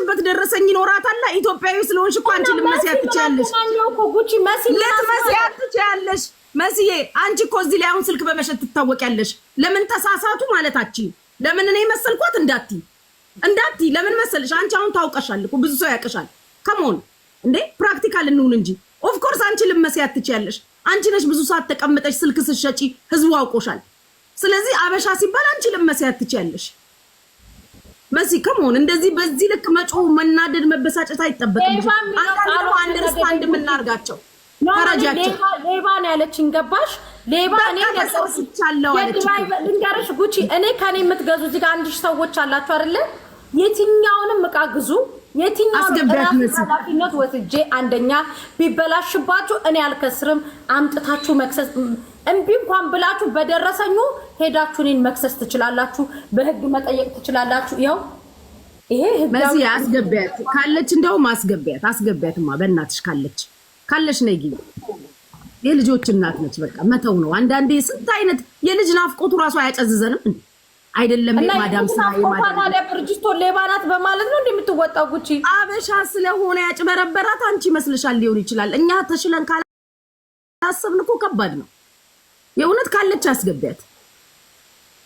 የደረሰችበት ደረሰኝ ይኖራታላ። ኢትዮጵያዊ ስለሆንሽ እኮ አንቺ ልትመሲ አትችያለሽ፣ ልትመሲ አትችያለሽ። መስዬ አንቺ እኮ እዚህ ላይ አሁን ስልክ በመሸጥ ትታወቂያለሽ። ለምን ተሳሳቱ ማለታች ለምን እኔ መሰልኳት እንዳቲ እንዳቲ ለምን መሰልሽ? አንቺ አሁን ታውቀሻል እኮ ብዙ ሰው ያውቀሻል። ከመሆን እንዴ ፕራክቲካል እንሁን እንጂ ኦፍኮርስ አንቺ ልትመሲ አትችያለሽ። አንቺ ነሽ ብዙ ሰዓት ተቀምጠሽ ስልክ ስትሸጪ ህዝቡ አውቆሻል። ስለዚህ አበሻ ሲባል አንቺ ልትመሲ አትችያለሽ። መሲ ከመሆን እንደዚህ በዚህ ልክ መጮህ፣ መናደድ፣ መበሳጨት አይጠበቅም። አንደርስታንድ የምናርጋቸው ሌባ ነው ያለችኝ። ገባሽ? ሌባ ልንገርሽ ጉቺ፣ እኔ ከኔ የምትገዙ እዚህ ጋር አንድ ሺህ ሰዎች አላችሁ አይደለ? የትኛውንም እቃ ግዙ የትኛው ኃላፊነት ወስጄ አንደኛ ቢበላሽባችሁ እኔ አልከስርም። አምጥታችሁ መክሰስ እምቢ እንኳን ብላችሁ በደረሰኙ ሄዳችሁ እኔን መክሰስ ትችላላችሁ፣ በህግ መጠየቅ ትችላላችሁ። ያው ይሄ አስገቢያት ካለች እንደውም አስገቢያት አስገቢያትማ፣ በእናትሽ ካለች ካለች ነይ የልጆች እናት ነች። በቃ መተው ነው። አንዳንዴ ስንት አይነት የልጅ ናፍቆቱ ራሱ አያጨዝዘንም። አይደለም ማዳም ስራ የማዳም ብርጅስቶን ሌባ ናት በማለት ነው እንደምትወጣው። ጉቺ አበሻ ስለሆነ ያጭበረበራት አንቺ ይመስልሻል? ሊሆን ይችላል። እኛ ተሽለን ካላሰብን እኮ ከባድ ነው። የእውነት ካለች አስገቢያት፣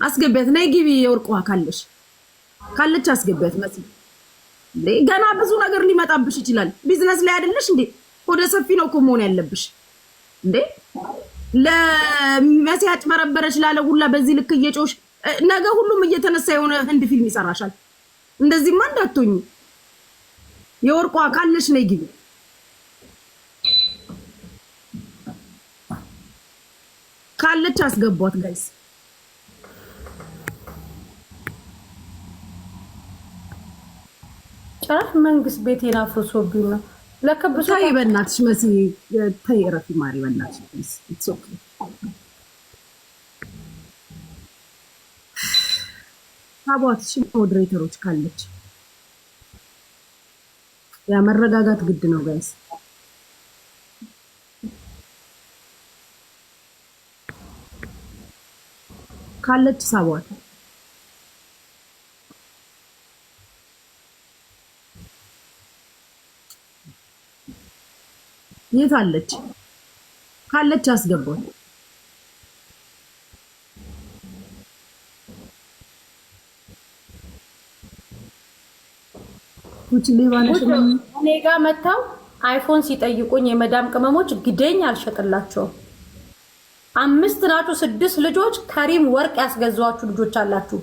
አስገቢያት። ነይ ግቢ፣ የወርቅ ውሃ ካለሽ ካለች አስገቢያት። መስ ገና ብዙ ነገር ሊመጣብሽ ይችላል። ቢዝነስ ላይ አይደለሽ እንዴ? ወደ ሰፊ ነው እኮ መሆን ያለብሽ እንዴ። ለመሲ ያጭበረበረች ላለ ሁላ በዚህ ልክ እየጮሽ ነገ ሁሉም እየተነሳ የሆነ ህንድ ፊልም ይሰራሻል። እንደዚህማ እንዳትሆኝ። የወርቋ ካለሽ ነይ ግቢ። ካለች አስገቧት ጋይስ። ጭራሽ መንግስት ቤቴን አፍርሶብኝ ነው ለከብሶ። ተይ በእናትሽ መሲ ተይ፣ እረፊ ማሪ በእናትሽ። ታቧት እሺ፣ ሞዴሬተሮች ካለች ያ መረጋጋት ግድ ነው ጋይስ። ካለች ሳቧት። የት አለች? ካለች አስገቧት። እኔ ጋር መጥተው አይፎን ሲጠይቁኝ የመዳም ቅመሞች ግደኝ አልሸጥላቸውም። አምስት ናችሁ ስድስት ልጆች ከሪም ወርቅ ያስገዛዋችሁ ልጆች አላችሁ።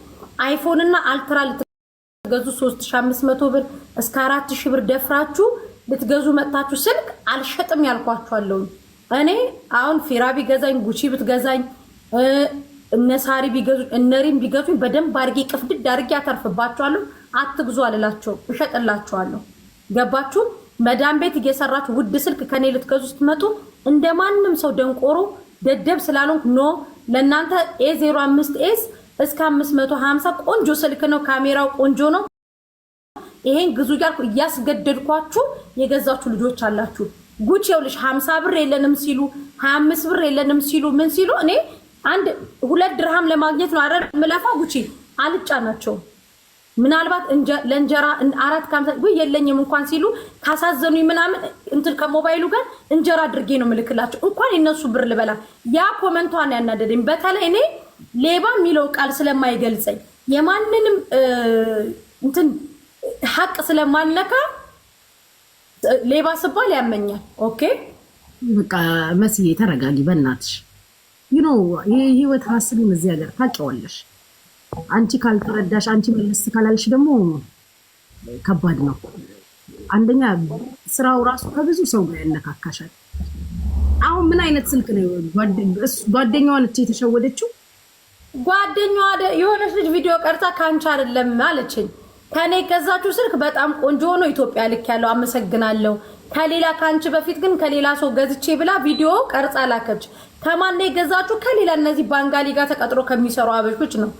አይፎን እና አልትራ ልትገዙ 3500 ብር እስከ 4000 ብር ደፍራችሁ ልትገዙ መጥታችሁ ስልክ አልሸጥም ያልኳችኋለሁ። እኔ አሁን ፊራ ቢገዛኝ ጉቺ ብትገዛኝ እነሳሪ ቢገዙ እነሪም ቢገዙኝ በደንብ አድርጌ ቅፍድድ አድርጌ አተርፍባችኋለሁ። አትግዙ አልላቸው እሸጥላቸዋለሁ። ገባችሁ? መዳም ቤት እየሰራችሁ ውድ ስልክ ከኔ ልትገዙ ስትመጡ እንደ ማንም ሰው ደንቆሮ ደደብ ስላልሆንኩ ኖ ለእናንተ ኤ አምስት ኤስ እስከ ሀምሳ ቆንጆ ስልክ ነው። ካሜራው ቆንጆ ነው። ይሄን ግዙ እያልኩ እያስገደድኳችሁ የገዛችሁ ልጆች አላችሁ። ጉቺ ይኸውልሽ ሀምሳ ብር የለንም ሲሉ አምስት ብር የለንም ሲሉ ምን ሲሉ እኔ አንድ ሁለት ድርሃም ለማግኘት ነው አረ ምለፋ። ጉቺ አልጫ ናቸው። ምናልባት ለእንጀራ አራት ከምሳ ወይ የለኝም እንኳን ሲሉ ካሳዘኑ ምናምን እንትን ከሞባይሉ ጋር እንጀራ አድርጌ ነው ምልክላቸው። እንኳን የነሱ ብር ልበላ። ያ ኮመንቷን ያናደደኝ በተለይ እኔ ሌባ የሚለው ቃል ስለማይገልጸኝ የማንንም እንትን ሀቅ ስለማልነካ ሌባ ስባል ያመኛል። ኦኬ በቃ መስዬ ተረጋጊ በእናትሽ። ይህ ህይወት ሀስብም እዚህ ሀገር ታውቂዋለሽ አንቺ ካልተረዳሽ፣ አንቺ መልስ ካላልሽ ደግሞ ከባድ ነው። አንደኛ ስራው ራሱ ከብዙ ሰው ጋር ያነካካሻል። አሁን ምን አይነት ስልክ ነው ጓደኛዋን ነች የተሸወደችው? ጓደኛዋ የሆነች ልጅ ቪዲዮ ቀርታ ከአንቺ አይደለም አለችኝ። ከኔ የገዛችሁ ስልክ በጣም ቆንጆ ሆኖ ኢትዮጵያ ልክ ያለው አመሰግናለሁ። ከሌላ ከአንቺ በፊት ግን ከሌላ ሰው ገዝቼ ብላ ቪዲዮ ቀርጻ ላከች። ከማን የገዛችሁ? ከሌላ እነዚህ ባንጋሊ ጋር ተቀጥሮ ከሚሰሩ አበሾች ነው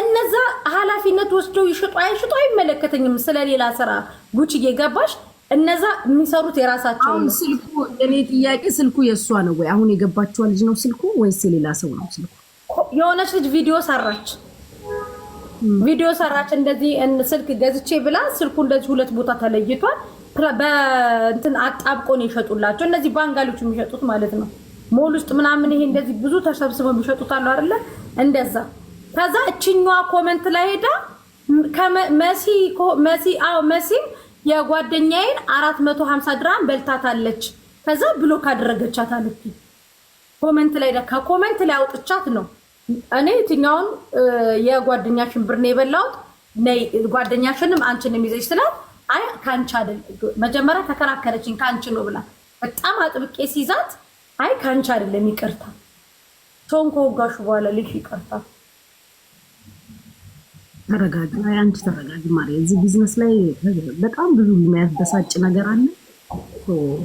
እነዛ ኃላፊነት ወስደው ይሽጡ አይሽጡ አይመለከተኝም። ስለሌላ ስራ ጉች እየገባሽ እነዛ የሚሰሩት የራሳቸው ስልኩ እኔ ጥያቄ ስልኩ የእሷ ነው ወይ? አሁን የገባችዋ ልጅ ነው ስልኩ ወይስ የሌላ ሰው ነው ስልኩ? የሆነች ልጅ ቪዲዮ ሰራች ቪዲዮ ሰራች እንደዚህ ስልክ ገዝቼ ብላ ስልኩ እንደዚህ ሁለት ቦታ ተለይቷል። በእንትን አጣብቆ ነው የሸጡላቸው እነዚህ ባንጋሎች የሚሸጡት ማለት ነው። ሞል ውስጥ ምናምን ይሄ እንደዚህ ብዙ ተሰብስበው የሚሸጡት አሉ አይደለ እንደዛ ከዛ እችኛዋ ኮመንት ላይ ሄዳ መሲ አዎ መሲም የጓደኛዬን 450 ድራም በልታታለች። ከዛ ብሎክ አደረገቻት አለች ኮመንት ላይ ደካ ኮመንት ላይ አውጥቻት ነው እኔ የትኛውን የጓደኛሽን ብር ነው የበላሁት ጓደኛሽንም አንቺን የሚዘች ስላት አይ ከአንቺ አይደል መጀመሪያ ተከራከረችኝ ከአንቺ ነው ብላ በጣም አጥብቄ ሲዛት፣ አይ ከአንቺ አይደለም ይቅርታ ቶን ከወጋሹ በኋላ ልጅ ይቅርታ ተረጋጊ፣ አንቺ ተረጋጊ ማርያም። እዚህ ቢዝነስ ላይ በጣም ብዙ የሚያበሳጭ ነገር አለ።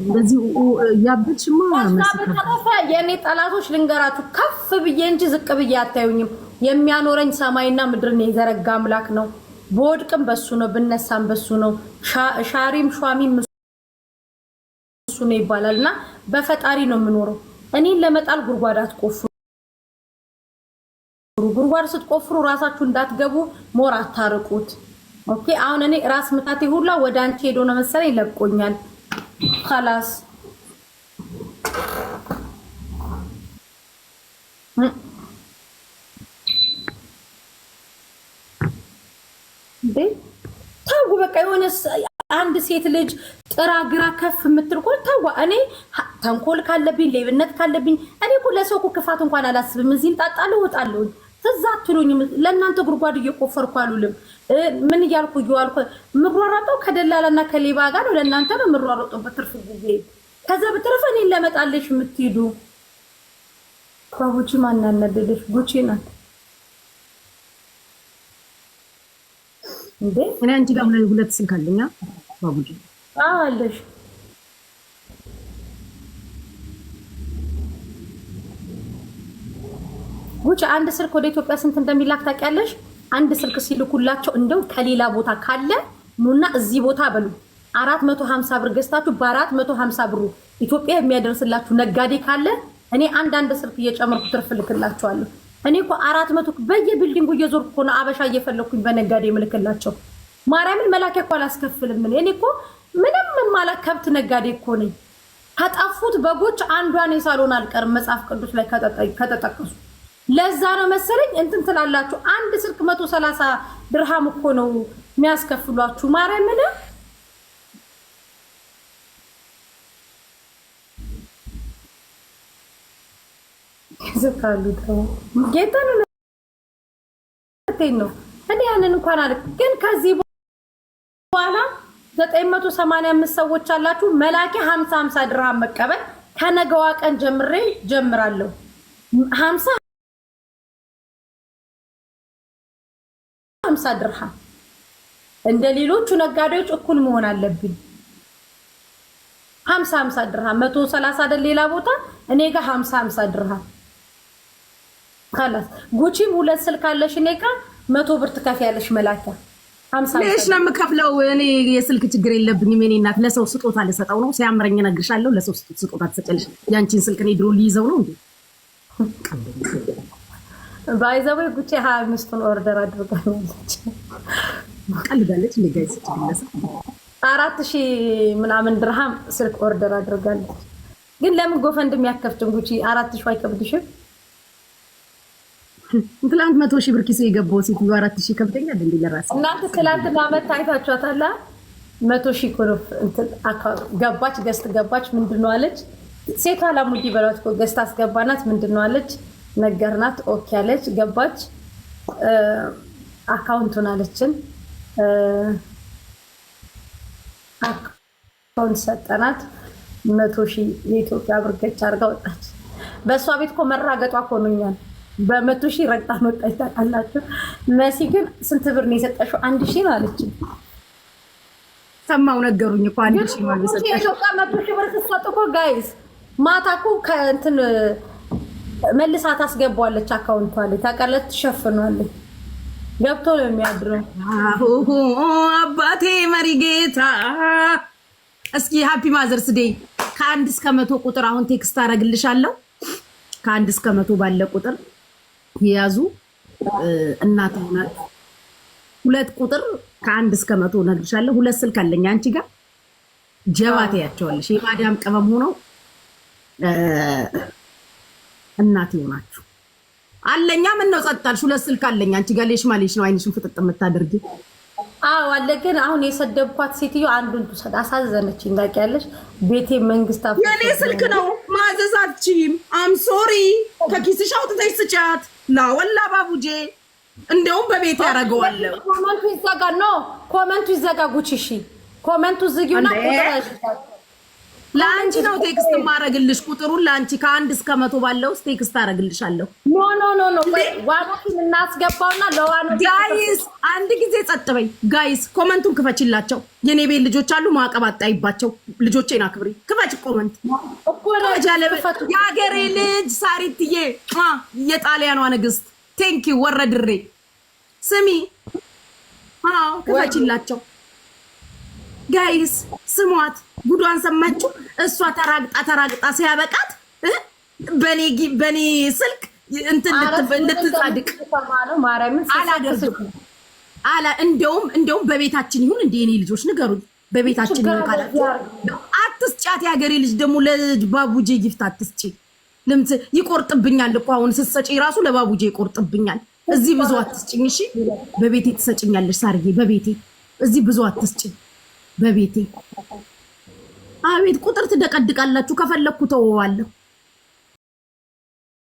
እንደዚህ እያበድሽማ የእኔ ጠላቶች ልንገራችሁ፣ ከፍ ብዬ እንጂ ዝቅ ብዬ አታዩኝም። የሚያኖረኝ ሰማይና ምድርን የዘረጋ አምላክ ነው። በወድቅም በሱ ነው፣ ብነሳም በሱ ነው። ሻሪም ሿሚም እሱ ነው ይባላል እና በፈጣሪ ነው የምኖረው። እኔን ለመጣል ጉድጓድ አትቆፍሩ። ጉድጓድ ስትቆፍሩ ራሳችሁ እንዳትገቡ ሞር አታርቁት። ኦኬ አሁን እኔ ራስ ምታቴ ሁላ ወደ አንቺ ሄዶ ነው መሰለኝ ይለቆኛል። ኸላስ ታው በቃ የሆነ አንድ ሴት ልጅ ጥራ ግራ ከፍ የምትል እኮ ታዋ እኔ ተንኮል ካለብኝ ሌብነት ካለብኝ እኔ እኮ ለሰው እኮ ክፋት እንኳን አላስብም። እዚህ እንጣጣለሁ እወጣለሁ ትዝ አትሉኝም። ለእናንተ ጉድጓድ እየቆፈርኩ አሉልም። ምን እያልኩ እየዋልኩ የምሯሯጠው ከደላላና ከሌባ ጋር ነው። ለእናንተ ነው የምሯሯጠው በትርፍ ጊዜ። ከዛ በተረፈ እኔን ለመጣለሽ የምትሄዱ ባቡቺ ማን ያናደደሽ? ጉቺ ናት እንዴ? እኔ አንቺ ጋር ሁለት ስልክ አለኛ ባቡቺ አለሽ ጉቺ አንድ ስልክ ወደ ኢትዮጵያ ስንት እንደሚላክ ታውቂያለሽ? አንድ ስልክ ሲልኩላቸው እንደው ከሌላ ቦታ ካለ ኑና እዚህ ቦታ በሉ አራት መቶ ሀምሳ ብር ገዝታችሁ በአራት መቶ ሀምሳ ብሩ ኢትዮጵያ የሚያደርስላችሁ ነጋዴ ካለ እኔ አንዳንድ ስልክ እየጨመርኩ ትርፍ ልክላቸዋለሁ። እኔ እኮ አራት መቶ በየቢልዲንጉ እየዞርኩ እኮ ነው አበሻ እየፈለግኩኝ በነጋዴ ምልክላቸው። ማርያምን መላኪያ እኮ አላስከፍልም። እኔ እኮ ምንም የማላ ከብት ነጋዴ እኮ ነኝ። ከጠፉት በጎች አንዷን የሳሎን አልቀርም መጽሐፍ ቅዱስ ላይ ከተጠቀሱ ለዛ ነው መሰለኝ እንትን ትላላችሁ። አንድ ስልክ መቶ ሰላሳ ድርሃም እኮ ነው የሚያስከፍሏችሁ። ማርያምን ይዘታሉ ጌታን ነው እኔ ያንን እንኳን አለ ግን ከዚህ በኋላ ዘጠኝ መቶ አምስት ሰዎች አላችሁ። መላኪ ሀምሳ ሀምሳ ድርሃም መቀበል ከነገዋ ቀን ጀምሬ ጀምራለሁ ሀምሳ ሀምሳ ድርሃም እንደ ሌሎቹ ነጋዴዎች እኩል መሆን አለብኝ። ሀምሳ ሀምሳ ድርሃም መቶ ሰላሳ አይደል ሌላ ቦታ እኔ ጋር ሀምሳ ሀምሳ ድርሃም ላስ ጉቺም ሁለት ስልክ አለሽ እኔ ጋር መቶ ብር ትከፍያለሽ መላኪያ ለሽ ነው የምከፍለው። እኔ የስልክ ችግር የለብኝም። የእኔ እናት ለሰው ስጦታ ልሰጠው ነው ሲያምረኝ እነግርሻለሁ። ለሰው ስጦታ ትሰጫለሽ። ያንቺን ስልክ እኔ ድሮ ልይዘው ነው እንዴ? ባይዛዊ ጉቼ ሀያ አምስቱን ኦርደር አድርጋለች። ልበለች ሊጋይ አራት ሺህ ምናምን ድርሃም ስልክ ኦርደር አድርጋለች። ግን ለምን ጎፈንድ የሚያከፍትም ጉቺ አራት ሺህ አይከብድሽም? ትላንት መቶ ሺህ ብር ኪሶ የገባው ሴትዮ አራት ሺህ ከብደኛል እንዲ ለራስ እናንተ ትላንት መታ አይታችኋታላ። መቶ ሺህ ኮሎፍ ገባች ገስት ገባች። ምንድን ነው አለች ሴቷ ላሙዲ በሏት ገስት አስገባናት። ምንድን ነው አለች ነገርናት። ኦኬ አለች፣ ገባች። አካውንቱን አለችን፣ አካውንት ሰጠናት። መቶ ሺህ የኢትዮጵያ ብር ገች አድርጋ ወጣች። በእሷ ቤት እኮ መራገጧ ኮኑኛል። በመቶ ሺህ ረግጣ ወጣች። ታውቃላችሁ። መሲ ግን ስንት ብር ነው የሰጠሽው? አንድ ሺህ ነው አለችን። ሰማው ነገሩኝ እኮ አንድ ሺህ ነው የሰጠሽው። ኢትዮጵያ መቶ ሺህ ብር ስትሰጥ እኮ ጋይዝ ማታ እኮ ከእንትን መልሳ ታስገባዋለች። አካውንቷ ላይ ታውቃለች፣ ትሸፍኗለች። ገብቶ ነው የሚያድረው። አባቴ መሪ ጌታ፣ እስኪ ሀፒ ማዘርስ ዴይ ከአንድ እስከ መቶ ቁጥር አሁን ቴክስት አደርግልሻለሁ። ከአንድ እስከ መቶ ባለ ቁጥር የያዙ እናት ሆናል። ሁለት ቁጥር ከአንድ እስከ መቶ እነግርሻለሁ። ሁለት ስልክ አለኝ አንቺ ጋር ጀባ ትያቸዋለሽ። የማዳም ቅመም ሆነው እናቴ ሆናችሁ አለኛ። ምን ነው ጸጣል ሁለት ስልክ አለኛ። አንቺ ጋር ሌሽ ማሌሽ ነው አይንሽን ፍጥጥ የምታደርጊ? አዎ አለ። ግን አሁን የሰደብኳት ሴትዮ አንዱን ትውሰድ። አሳዘነችኝ። ታውቂያለሽ፣ ቤቴ መንግስት የኔ ስልክ ነው ማዘዝ አትችይም። አም ሶሪ። ከኪስሽ አውጥተሽ ስጫት። ላወላ ባቡጄ፣ እንደውም በቤት ያደርገዋለሁ። ኮመንቱ ይዘጋ ነው፣ ኮመንቱ ይዘጋ። ጉቺ፣ እሺ፣ ኮመንቱ ዝጊውና ቁጥር ለአንቺ ነው ቴክስት ማረግልሽ። ቁጥሩን ለአንቺ ከአንድ እስከ መቶ ባለው ውስጥ ቴክስት አረግልሻለሁ። ኖ ኖ ኖ ኖ ዋኖትን እናስገባውና ለዋኖ ጋይስ፣ አንድ ጊዜ ጸጥ በይ ጋይስ። ኮመንቱን ክፈችላቸው። የኔ ቤት ልጆች አሉ ማዕቀብ አጣይባቸው። ልጆቼን አክብሪ። ክፈች ኮመንት። የሀገሬ ልጅ ሳሪትዬ፣ የጣሊያኗ ንግስት ቴንኪ ወረድሬ። ስሚ፣ ክፈችላቸው ጋይስ። ስሟት፣ ጉዷን ሰማችሁ። እሷ ተራግጣ ተራግጣ ሲያበቃት በኔ ስልክ እንድትጻድቅ አላደርግም። እንደውም እንደውም በቤታችን ይሁን እንደ እኔ ልጆች ንገሩኝ፣ በቤታችን ይሁን ካላችሁ አትስጫት። የሀገሬ ልጅ ደግሞ ለባቡጄ ጊፍት አትስጪ። ልምት ይቆርጥብኛል እኮ አሁን ስትሰጪ ራሱ ለባቡጄ ይቆርጥብኛል። እዚህ ብዙ አትስጭኝ። እሺ በቤቴ ትሰጭኛለሽ ሳርጌ፣ በቤቴ እዚህ ብዙ አትስጭኝ። በቤቴ አቤት ቁጥር ትደቀድቃላችሁ። ከፈለግኩ ተወዋለሁ።